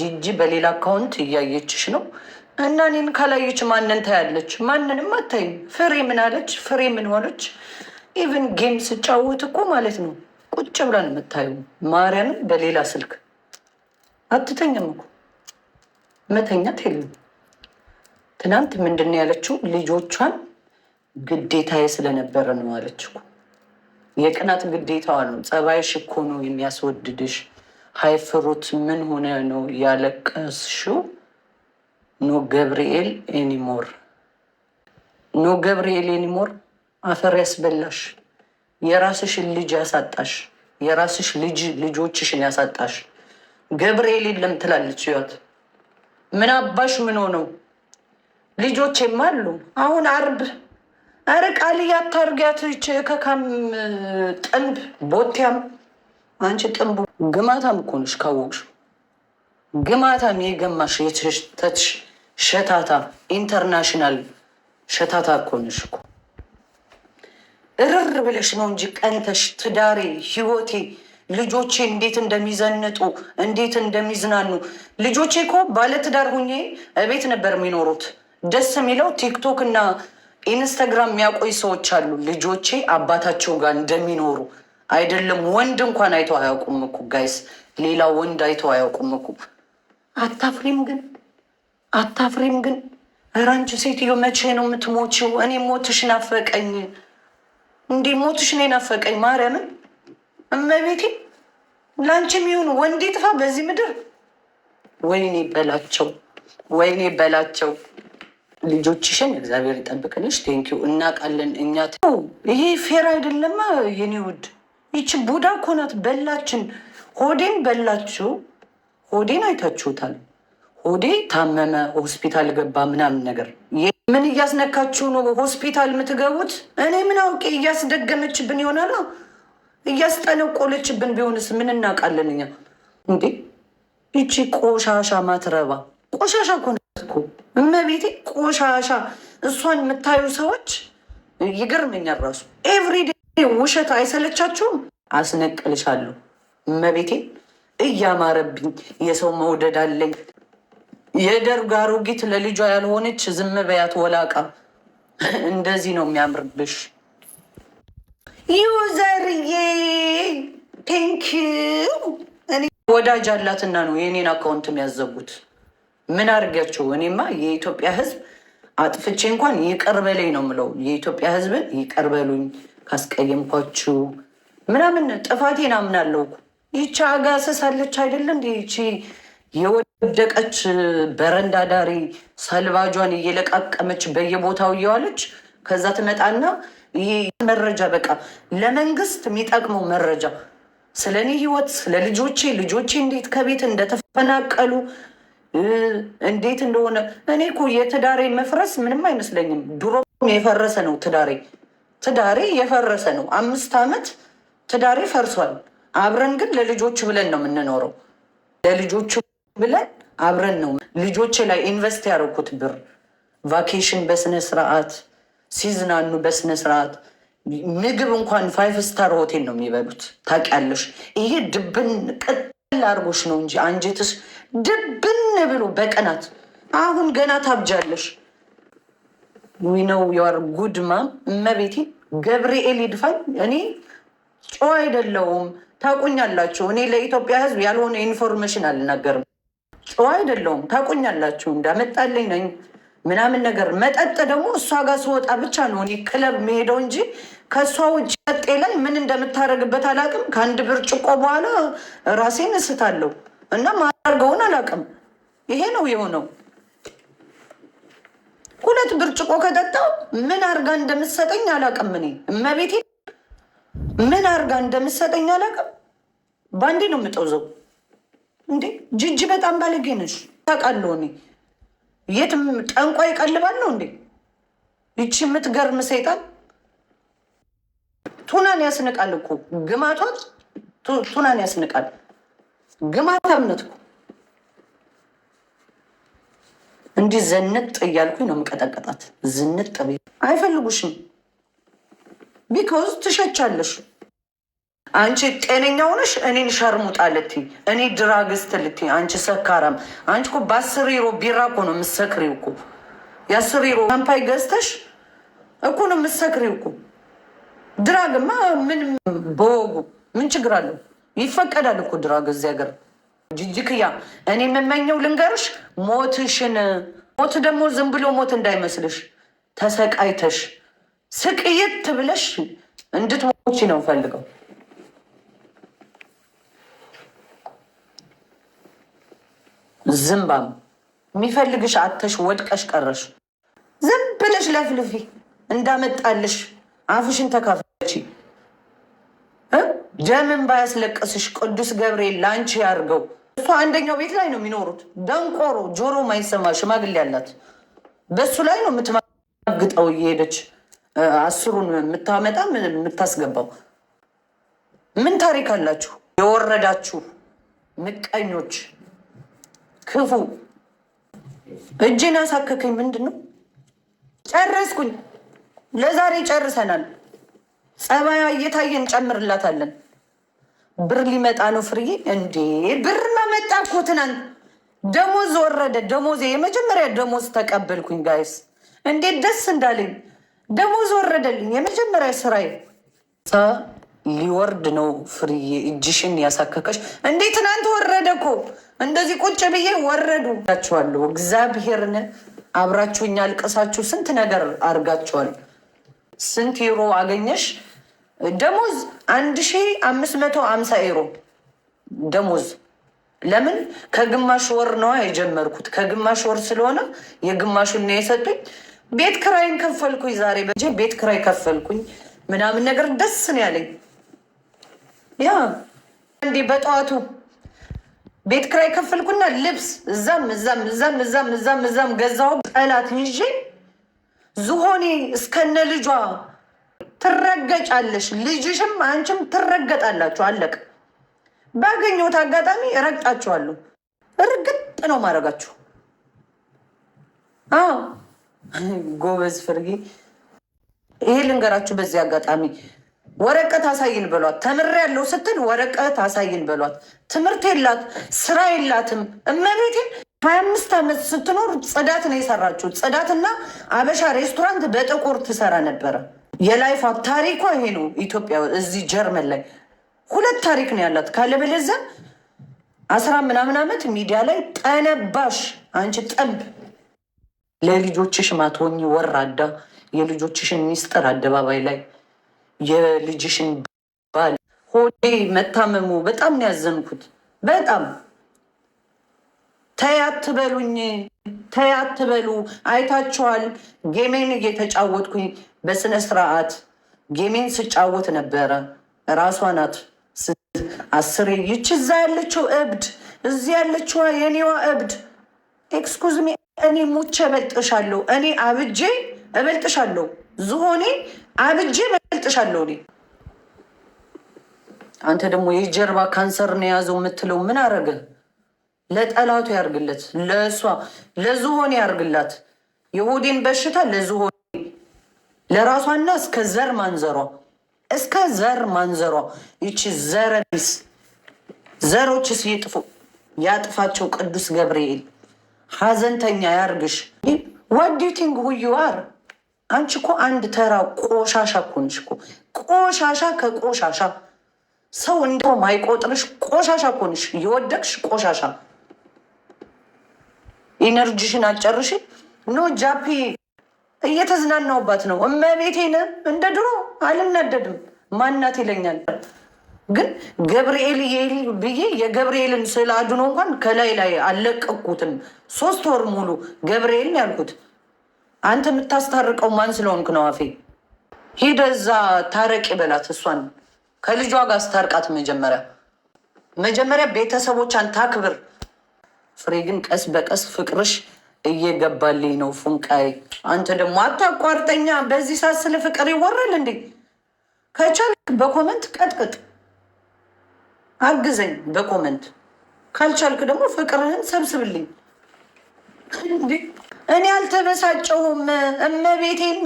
ጂጂ በሌላ አካውንት እያየችሽ ነው እና እኔን ካላየች ማንን ታያለች? ማንንም አታይም። ፍሬ ምን አለች? ፍሬ ምን ሆነች? ኢቨን ጌም ስጫወት እኮ ማለት ነው ቁጭ ብላን የምታዩ የምታየው። ማርያምን በሌላ ስልክ አትተኛም እኮ መተኛት የለም። ትናንት ምንድን ነው ያለችው? ልጆቿን ግዴታዬ ስለነበረ ነው አለች። የቅናት ግዴታዋ ነው። ጸባይሽ እኮ ነው የሚያስወድድሽ ሀይፍሩት ምን ሆነ ነው ያለቀስሽው? ኖ ገብርኤል ኤኒሞር ኖ ገብርኤል ኤኒሞር። አፈር ያስበላሽ፣ የራስሽን ልጅ ያሳጣሽ፣ የራስሽ ልጅ ልጆችሽን ያሳጣሽ ገብርኤል የለም ትላለች ህይወት። ምን አባሽ ምን ሆነው ልጆቼም አሉ። አሁን አርብ ኧረ ቃልዬ ከካም ጥንብ ቦቲያም አንቺ ጥንቡ ግማታም እኮ ነሽ ካወቅሽ፣ ግማታም የገማሽ የተች ሸታታ ኢንተርናሽናል ሸታታ እኮ ነሽ እኮ። እርር ብለሽ ነው እንጂ ቀንተሽ ትዳሬ፣ ህይወቴ፣ ልጆቼ እንዴት እንደሚዘንጡ እንዴት እንደሚዝናኑ። ልጆቼ እኮ ባለትዳር ሁኜ እቤት ነበር የሚኖሩት። ደስ የሚለው ቲክቶክ እና ኢንስታግራም የሚያቆይ ሰዎች አሉ ልጆቼ አባታቸው ጋር እንደሚኖሩ አይደለም ወንድ እንኳን አይተው አያውቁም እኮ ጋይስ፣ ሌላ ወንድ አይተው አያውቁም እኮ። አታፍሪም ግን አታፍሪም ግን? ኧረ አንቺ ሴትዮ መቼ ነው የምትሞችው? እኔ ሞትሽ ናፈቀኝ እንዴ! ሞትሽ ነው ናፈቀኝ። ማርያምን እመቤቴ፣ ለአንቺ የሚሆኑ ወንድ ጥፋ በዚህ ምድር። ወይኔ በላቸው፣ ወይኔ በላቸው። ልጆችሽን እግዚአብሔር ይጠብቅልሽ። ቴንኪው። እናውቃለን እኛ ይሄ ፌር አይደለማ የኔ ውድ ይቺ ቡዳ እኮ ናት በላችን። ሆዴን በላችሁ። ሆዴን አይታችሁታል። ሆዴ ታመመ፣ ሆስፒታል ገባ ምናምን ነገር ምን እያስነካችሁ ነው ሆስፒታል የምትገቡት? እኔ ምን አውቄ። እያስደገመችብን ይሆናል እያስጠነቆለችብን ቢሆንስ ምን እናውቃለን እኛ። እንዴ ይቺ ቆሻሻ ማትረባ ቆሻሻ እኮ ናት እኮ እመቤቴ፣ ቆሻሻ እሷን የምታዩ ሰዎች ይገርመኛል ራሱ ኤቭሪዴ ውሸት አይሰለቻችሁም? አስነቅልሻለሁ። እመቤቴን እያማረብኝ የሰው መውደድ አለኝ። የደርግ አሮጊት ለልጇ ያልሆነች ዝም በያት ወላቃ። እንደዚህ ነው የሚያምርብሽ። ዩዘርዬ ቴንኪው። እኔ ወዳጅ አላትና ነው የእኔን አካውንት የሚያዘጉት። ምን አድርጊያቸው? እኔማ የኢትዮጵያ ሕዝብ አጥፍቼ እንኳን ይቅር በለኝ ነው የምለው። የኢትዮጵያ ሕዝብን ይቅር በሉኝ። ካስቀየምኳችሁ ምናምን ጥፋቴ አምናለሁ። ይቺ አጋሰሳለች አይደለ እንዲ ይቺ የወደቀች በረንዳ ዳሪ ሰልባጇን እየለቃቀመች በየቦታው እየዋለች ከዛ ትመጣና ይሄ መረጃ በቃ ለመንግስት የሚጠቅመው መረጃ ስለ እኔ ህይወት፣ ስለ ልጆቼ ልጆቼ እንዴት ከቤት እንደተፈናቀሉ እንዴት እንደሆነ እኔ እኮ የትዳሬ መፍረስ ምንም አይመስለኝም። ድሮም የፈረሰ ነው ትዳሬ። ትዳሬ የፈረሰ ነው። አምስት ዓመት ትዳሬ ፈርሷል። አብረን ግን ለልጆች ብለን ነው የምንኖረው። ለልጆቹ ብለን አብረን ነው ልጆች ላይ ኢንቨስት ያደረኩት ብር ቫኬሽን በስነ ስርዓት ሲዝናኑ በስነ ስርዓት ምግብ እንኳን ፋይቭ ስታር ሆቴል ነው የሚበሉት። ታውቂያለሽ፣ ይሄ ድብን ቅጥል አድርጎሽ ነው እንጂ አንጀትሽ ድብን ብሎ በቀናት አሁን ገና ታብጃለሽ። ዊነው ጉድ ጉድማ እመቤቴ ገብርኤል ይድፋኝ። እኔ ጨዋ አይደለውም ታቁኛላችሁ። እኔ ለኢትዮጵያ ሕዝብ ያልሆነ ኢንፎርሜሽን አልናገርም። ጨዋ አይደለውም ታቁኛላችሁ። እንዳመጣልኝ ነኝ ምናምን ነገር መጠጥ ደግሞ እሷ ጋር ስወጣ ብቻ ነው እኔ ክለብ መሄደው እንጂ ከእሷ ውጭ ጠጤ ላይ ምን እንደምታደርግበት አላውቅም። ከአንድ ብርጭቆ በኋላ ራሴን እስታለሁ እና ማደርገውን አላውቅም። ይሄ ነው የሆነው። ሁለት ብርጭቆ ከጠጣው ምን አርጋ እንደምትሰጠኝ አላቅም። እኔ እመቤቴ ምን አርጋ እንደምትሰጠኝ አላቅም በአንዴ ነው የምጠውዘው። እንዴ ጅጅ በጣም ባለጌ ነሽ ታውቃለሁ። እኔ የት ጠንቋ ይቀልባል ነው እንዴ? ይቺ የምትገርም ሰይጣን ቱናን ያስንቃል እኮ ግማቷ፣ ቱናን ያስንቃል ግማታምነት እኮ እንዲህ ዘንጥ እያልኩኝ ነው የምቀጠቀጣት። ዝንጥ ብ አይፈልጉሽም። ቢካዝ ትሸቻለሽ። አንቺ ጤነኛ ሆነሽ እኔን ሸርሙጣ ልትይ፣ እኔ ድራግስት ልትይ፣ አንቺ ሰካራም። አንቺ እኮ በአስር ሮ ቢራ እኮ ነው የምትሰክሪው እኮ የአስር ሮ ሻምፓኝ ገዝተሽ እኮ ነው የምትሰክሪው እኮ። ድራግማ ምን በወጉ ምን ችግር አለው? ይፈቀዳል እኮ ድራግ እዚህ ሀገር ጅጅክያ እኔ የምመኘው ልንገርሽ ሞትሽን ሞት ደግሞ ዝም ብሎ ሞት እንዳይመስልሽ ተሰቃይተሽ ስቅይት ብለሽ እንድትሞቺ ነው ፈልገው። ዝምባም የሚፈልግሽ አተሽ ወድቀሽ ቀረሽ። ዝም ብለሽ ለፍልፊ እንዳመጣልሽ አፍሽን ተካፍለች። ደምን ባያስለቀስሽ ቅዱስ ገብርኤል ላንቺ ያርገው። እሷ አንደኛው ቤት ላይ ነው የሚኖሩት። ደንቆሮ ጆሮ ማይሰማ ሽማግሌ ያላት በሱ ላይ ነው የምትማግጠው እየሄደች አስሩን የምታመጣ የምታስገባው። ምን ታሪክ አላችሁ? የወረዳችሁ ምቀኞች፣ ክፉ እጅን አሳከከኝ። ምንድን ነው ጨረስኩኝ። ለዛሬ ጨርሰናል። ጸባያ እየታየ እንጨምርላታለን። ብር ሊመጣ ነው ፍርዬ። እንዴ ብር መመጣ እኮ ትናንት ደሞዝ ወረደ። ደሞዝ የመጀመሪያ ደሞዝ ተቀበልኩኝ። ጋይስ እንዴት ደስ እንዳለኝ! ደሞዝ ወረደልኝ። የመጀመሪያ ስራዬ ሊወርድ ነው ፍርዬ። እጅሽን ያሳከከሽ እንዴ! ትናንት ወረደ እኮ እንደዚህ ቁጭ ብዬ ወረዱ ቸዋለሁ። እግዚአብሔርን አብራችሁኝ አልቀሳችሁ ስንት ነገር አድርጋችኋል። ስንት ዩሮ አገኘሽ? ደሞዝ አንድ ሺ አምስት መቶ አምሳ ዩሮ ደሞዝ። ለምን ከግማሽ ወር ነዋ የጀመርኩት። ከግማሽ ወር ስለሆነ የግማሹን ነው የሰጡኝ። ቤት ክራይን ከፈልኩኝ። ዛሬ በእጄ ቤት ክራይ ከፈልኩኝ ምናምን ነገር ደስ ነው ያለኝ። ያ እንዴ በጠዋቱ ቤት ክራይ ከፈልኩና ልብስ እዛም እዛም እዛም እዛም እዛም እዛም ገዛው ጠላት ይዤ ዝሆኔ እስከነ ልጇ ትረገጫለሽ፣ ልጅሽም አንቺም ትረገጣላችሁ። አለቅ ባገኘሁት አጋጣሚ እረግጣችኋለሁ። እርግጥ ነው ማድረጋችሁ። አዎ ጎበዝ ፍርጌ፣ ይሄ ልንገራችሁ በዚህ አጋጣሚ ወረቀት አሳይን በሏት። ያለው ስትል ወረቀት አሳይን በሏት። ትምህርት የላት ስራ የላትም። እመቤቴን ሀያ አምስት ዓመት ስትኖር ጽዳት ነው የሰራችው። ጽዳትና አበሻ ሬስቶራንት በጥቁር ትሰራ ነበረ። የላይፏ ታሪኳ ይሄ ነው። ኢትዮጵያ እዚህ ጀርመን ላይ ሁለት ታሪክ ነው ያላት። ካለበለዚያ አስራ ምናምን ዓመት ሚዲያ ላይ ጠነባሽ፣ አንቺ ጠብ፣ ለልጆችሽ ማትሆኝ ወራዳ፣ የልጆችሽን ሚስጥር አደባባይ ላይ የልጅሽን ባል ሆዴ መታመሙ በጣም ነው ያዘንኩት በጣም ተያት በሉኝ ተያት በሉ አይታችኋል፣ ጌሜን እየተጫወትኩኝ በስነ ስርዓት ጌሜን ስጫወት ነበረ። ራሷ ናት አስሬ ይች እዛ ያለችው እብድ፣ እዚህ ያለችዋ የኔዋ እብድ። ኤክስኩዝ ሚ እኔ ሙቼ እበልጥሻለሁ። እኔ አብጄ እበልጥሻለሁ። ዝሆኔ አብጄ እበልጥሻለሁ። እኔ አንተ ደግሞ የጀርባ ካንሰር ነው የያዘው የምትለው ምን አረገ? ለጠላቱ ያርግለት፣ ለእሷ ለዝሆን ያርግላት። የሆዴን በሽታ ለዝሆን ለራሷና እስከ ዘር ማንዘሯ እስከ ዘር ማንዘሯ ይቺ ዘረቢስ ዘሮች ሲጥፉ ያጥፋቸው ቅዱስ ገብርኤል ሀዘንተኛ ያርግሽ። ወዲቲንግ ሁዩዋር አንቺ እኮ አንድ ተራ ቆሻሻ እኮ ነሽ እኮ ቆሻሻ ከቆሻሻ ሰው እንደውም አይቆጥርሽ። ቆሻሻ እኮ ነሽ፣ የወደቅሽ ቆሻሻ ኢነርጂሽን አጨርሽ ኖ ጃፒ እየተዝናናውባት ነው። እመቤቴን እንደ ድሮ አልናደድም። ማናት ይለኛል። ግን ገብርኤል ብዬ የገብርኤልን ስዕል አድኖ እንኳን ከላይ ላይ አለቀኩትም ሶስት ወር ሙሉ ገብርኤልን ያልኩት አንተ የምታስታርቀው ማን ስለሆንክ ነው? አፌ ሂደ እዛ ታረቂ በላት። እሷን ከልጇ ጋር አስታርቃት። መጀመሪያ መጀመሪያ ቤተሰቦቿን ታክብር። ፍሬ ግን ቀስ በቀስ ፍቅርሽ እየገባልኝ ነው ፉንቃይ አንተ ደግሞ አታቋርጠኛ። በዚህ ሰዓት ስለ ፍቅር ይወራል እንዴ? ከቻልክ በኮመንት ቀጥቅጥ፣ አግዘኝ በኮመንት ካልቻልክ ደግሞ ፍቅርህን ሰብስብልኝ። እኔ አልተበሳጨሁም። እመቤቴን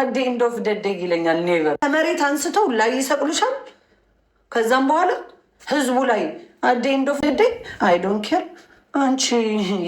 አዴ እንደፍ ደደግ ይለኛል። ኔቨር ከመሬት አንስተው ላይ ይሰቅሉሻል። ከዛም በኋላ ህዝቡ ላይ አዴ እንደፍ ደደግ አይዶን ኬር አንቺ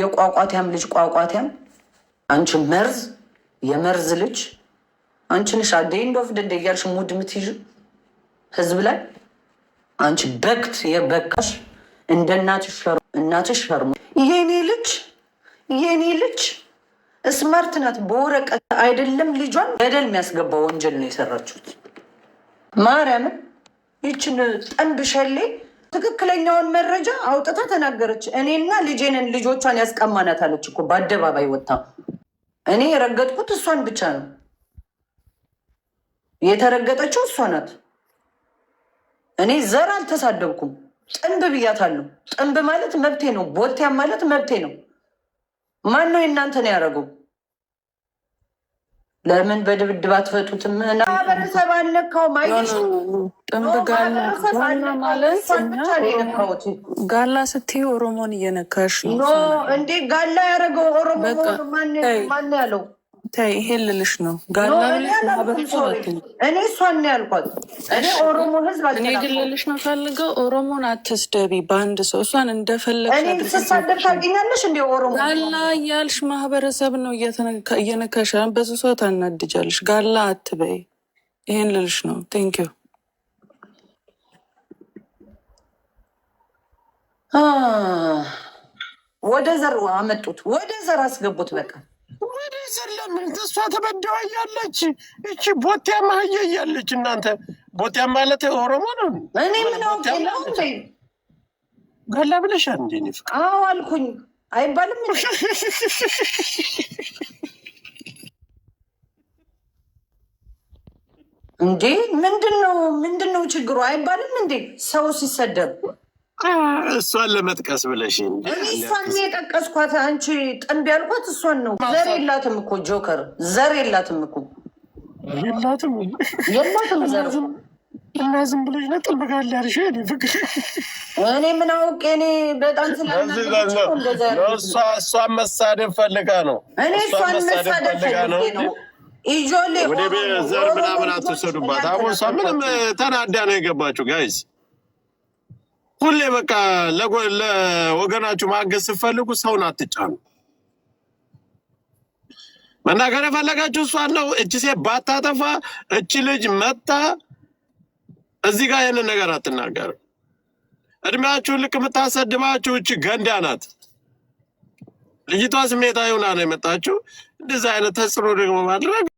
የቋቋትያም ልጅ ቋቋትያም፣ አንቺ መርዝ የመርዝ ልጅ አንቺ ንሻ ዴንድ ኦፍ ደንደ እያልሽ ሙድ ምትይዥ ህዝብ ላይ አንቺ በክት የበካሽ እንደ እናትሽ ሸርሙ። የኔ ልጅ የኔ ልጅ ስማርት ናት። በወረቀት አይደለም ልጇን በደል የሚያስገባው ወንጀል ነው የሰራችሁት። ማርያምን ይችን ጠንብ ሸሌ ትክክለኛውን መረጃ አውጥታ ተናገረች። እኔና ልጄንን ልጆቿን ያስቀማናት አለች እኮ በአደባባይ ወጥታ። እኔ የረገጥኩት እሷን ብቻ ነው፣ የተረገጠችው እሷ ናት። እኔ ዘር አልተሳደብኩም። ጥንብ ብያታለሁ። ጥንብ ማለት መብቴ ነው። ቦቴያ ማለት መብቴ ነው። ማን ነው የእናንተን ያደረገው? ለምን በድብድብ አትፈቱትም? ማህበረሰብ አልነካውም። ጋላ ስትይ ኦሮሞን እየነካሽ ነው እንዴ? ጋላ ያደረገው ኦሮሞ ማን ያለው? ተይ ይሄ ልልሽ ነው። እኔ እሷን ነው ያልኳት። እኔ ኦሮሞ ህዝብ እኔ ግን ልልሽ ነው ፈልገው ኦሮሞን አትስደቢ፣ በአንድ ሰው እሷን እንደፈለግ እኔ ስሳደብ ታገኛለሽ። እንደ ኦሮሞ ጋላ እያልሽ ማህበረሰብ ነው እየነከሸ በዙ ሰው ታናድጃለሽ። ጋላ አትበይ፣ ይሄን ልልሽ ነው። ቴንክ ዩ ወደ ዘር አመጡት፣ ወደ ዘር አስገቡት በቃ ሞዴስ የለም። ተስፋ ተበደዋ እያለች እቺ ቦቴ ማየ እያለች እናንተ ቦቴ ማለት ኦሮሞ ነው። እኔ ምን አውቄለው እንዴ ገላ ብለሻል እንዴ? እኔ አዎ አልኩኝ አይባልም እንዴ? ምንድን ነው ምንድን ነው ችግሩ? አይባልም እንዴ ሰው ሲሰደብ እሷን ለመጥቀስ ብለሽ እሷን የጠቀስኳት አንቺ ጥንብ ያልኳት እሷን ነው። ዘር የላትም እኮ ጆከር፣ ዘር የላትም እኮ የላትም የላትም ዘር እና ዝም ብለሽ ነው ጥንብ ጋር ሊያርሽ እኔ ምን አውቄ እኔ በጣም ስላእሷን መሳደብ ፈልጋ ነው። እኔ እሷን መሳደብ ፈልጌ ነው። ኢጆሌ ዘር ምናምን አትወሰዱባት። አሁን እሷ ምንም ተናዳ ነው የገባችው ጋይዝ ሁሌ በቃ ለወገናችሁ ማገዝ ስትፈልጉ ሰውን አትጫኑ። መናገር የፈለጋችሁ እሷን ነው። እች ሴት ባታጠፋ እች ልጅ መታ እዚህ ጋር ያንን ነገር አትናገርም። እድሜያችሁ ልክ የምታሰድባችሁ እች ገንዳ ናት። ልጅቷ ስሜታ ይሆና ነው የመጣችሁ። እንደዚህ አይነት ተጽዕኖ ደግሞ ማድረግ